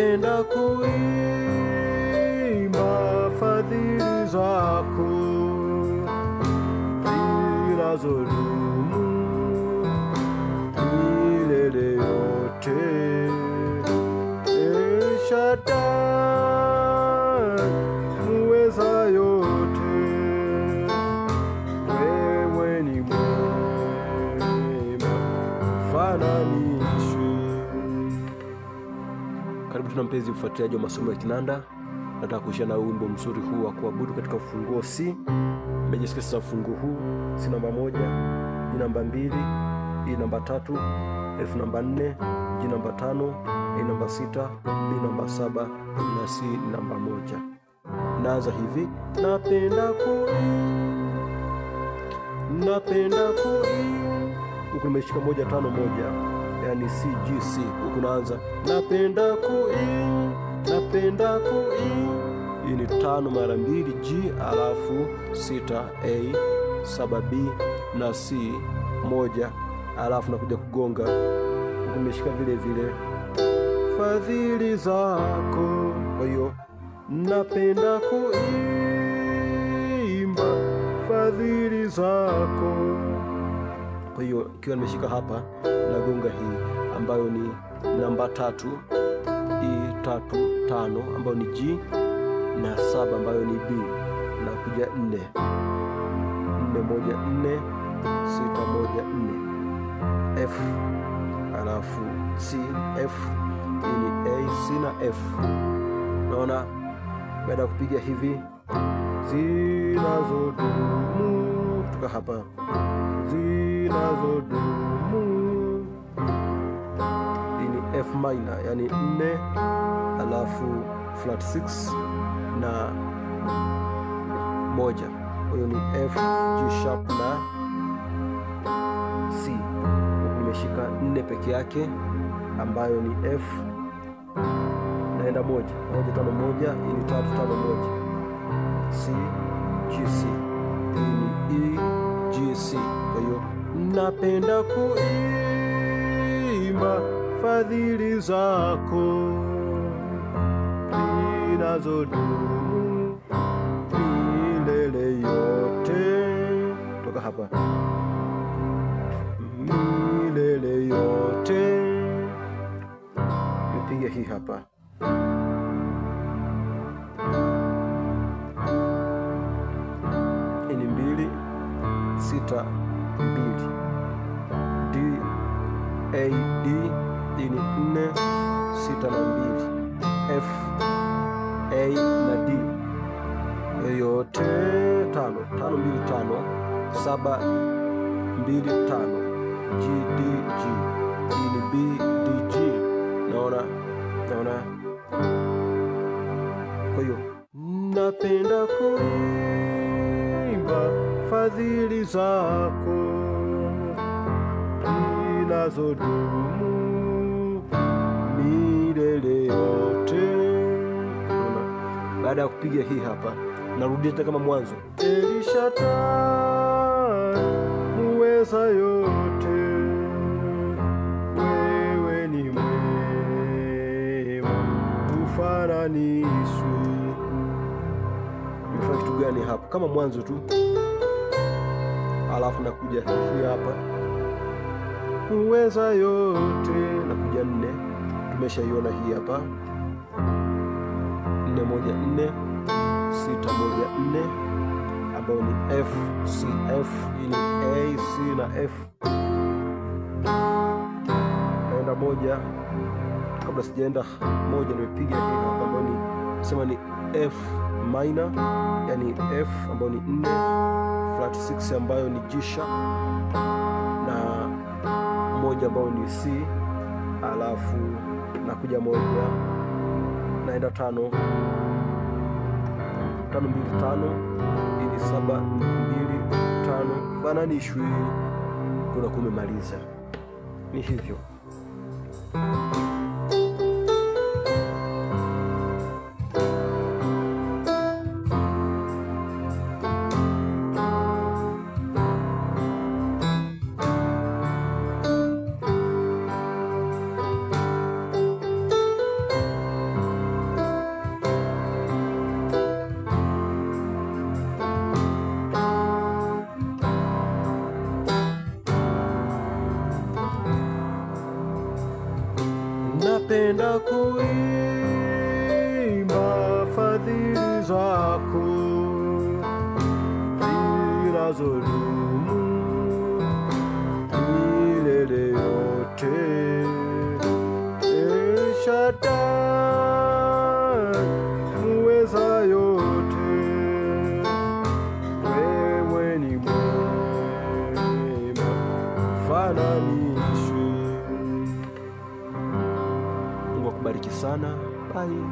napenda kuimba fadhili zako kila zoluu Karibu tuna mpenzi ufuatiliaji wa masomo ya kinanda. Nataka kuishia na wimbo mzuri huu wa kuabudu katika ufunguo C. Mejisikia sasa ufunguo huu, si namba moja, ni namba mbili, hii e namba tatu, elfu namba nne, ji namba tano, hii namba sita, hii namba saba na si namba moja. Naanza hivi, napenda kuimba napenda kuimba, huku nimeshika moja tano moja yani CGC huku naanza napenda kui napenda kui hii ni tano mara mbili G alafu sita A saba B na C moja alafu nakuja kugonga kumeshika vile vile fadhili zako. Kwa hiyo napenda kuimba fadhili zako. Kwa hiyo ikiwa nimeshika hapa, nagonga hii ambayo ni namba tatu, E tatu tano, ambayo ni G na saba ambayo ni B, na kuja nne nne moja nne sita moja nne F alafu C F ni A C na F. Naona baada ya kupiga hivi zinazodumu kutoka hapa Z zinazodumu. Hii ni F minor, yani 4 alafu flat 6 na moja. Kwa hiyo ni F, G sharp na C. Nimeshika 4 peke yake ambayo ni F naenda moja moja tano moja, hii ni tatu tano moja, C G C, hii ni E G C, kwa hiyo napenda kuimba fadhili zako zinazodumu milele yote, toka hapa milele yote, nipiga hii hapa ini mbili sita mbili D A D ni nne sita na mbili F A na D yoyote tano tano mbili tano saba mbili tano G D G ni B D G naona naona kwa hiyo napenda kuimba fadhili zako mawazo milele yote. Baada ya kupiga hii hapa, narudia tena kama mwanzo, Elishata muweza yote, wewe ni mwema, tufananishwe. Nimefanya kitu gani hapa? Kama mwanzo tu, alafu nakuja hii hapa kuweza yote. Na kuja nne, tumeshaiona hii hapa, nne moja nne sita moja nne ambayo ni F C F. ni A C na F. Naenda moja, kabla sijaenda moja, nimepiga hii hapa ambayo ni sema ni F minor, yani F ambayo ni nne flat 6 ambayo ni G sharp moja ambayo ni C, alafu nakuja moja, naenda tano tano mbili tano, ili saba mbili tano, fananishwi, kuna kumemaliza Ni hivyo. tenda kuimba fadhili zako, fadhili zako Pai.